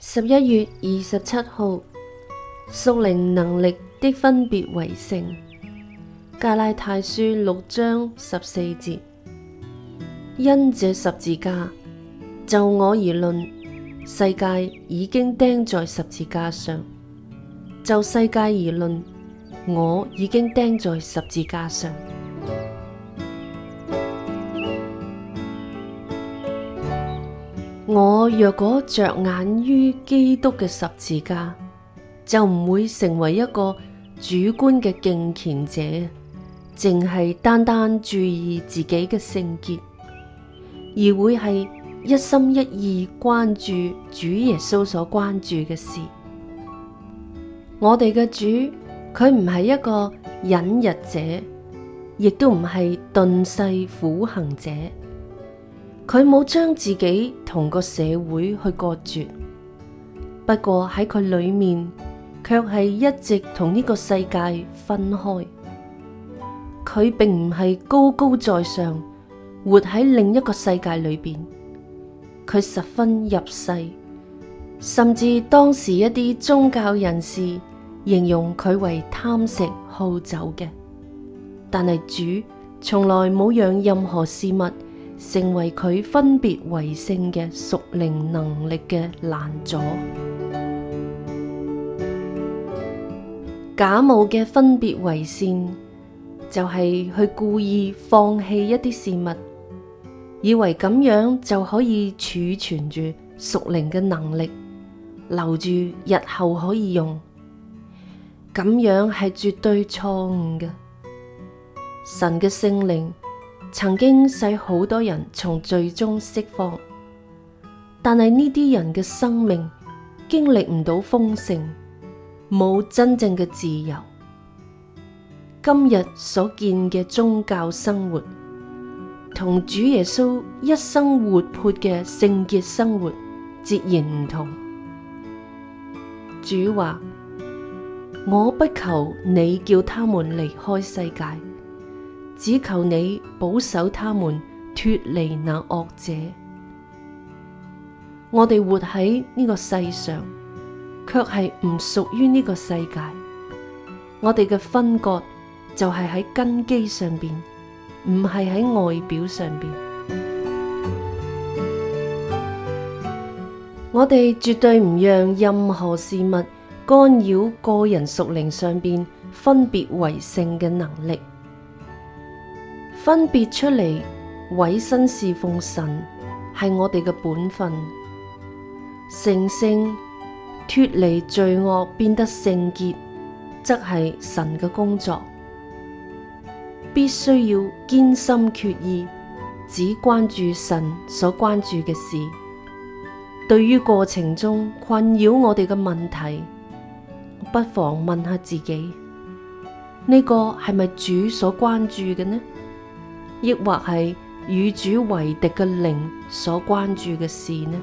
十一月二十七號，屬靈能力的分別為聖。加拉太書六章十四節，因這十字架，就我而論，世界已經釘在十字架上；就世界而論，我已經釘在十字架上。我若果着眼於基督嘅十字架，就唔會成為一個主觀嘅敬虔者，淨係單單注意自己嘅聖潔，而會係一心一意關注主耶穌所關注嘅事。我哋嘅主，佢唔係一個隱逸者，亦都唔係遁世苦行者。佢冇將自己同個社會去隔絕，不過喺佢裏面卻係一直同呢個世界分開。佢並唔係高高在上，活喺另一個世界裏邊。佢十分入世，甚至當時一啲宗教人士形容佢為貪食好酒嘅。但係主從來冇讓任何事物成為佢分別為聖嘅屬靈能力嘅攔阻。假冒嘅分別為聖，就係去故意放棄一啲事物，以為咁樣就可以儲存住屬靈嘅能力，留住日後可以用。咁樣係絕對錯誤嘅。神嘅聖靈。曾經使好多人從罪中釋放，但係呢啲人嘅生命經歷唔到豐盛，冇真正嘅自由。今日所見嘅宗教生活，同主耶穌一生活潑嘅聖潔生活截然唔同。主話：我不求你叫他們離開世界。只求你保守他們脫離那惡者。我哋活喺呢個世上，卻係唔屬於呢個世界。我哋嘅分割，就係喺根基上面，唔係喺外表上面。我哋絕對唔讓任何事物干擾個人屬靈上面分別為聖嘅能力。分別出嚟，委身侍奉神係我哋嘅本分；成聖脫離罪惡，變得聖潔，則係神嘅工作。必須要堅心決意，只關注神所關注嘅事。對於過程中困擾我哋嘅問題，不妨問下自己：呢個係咪主所關注嘅呢？抑或係與主為敵嘅靈所關注嘅事呢？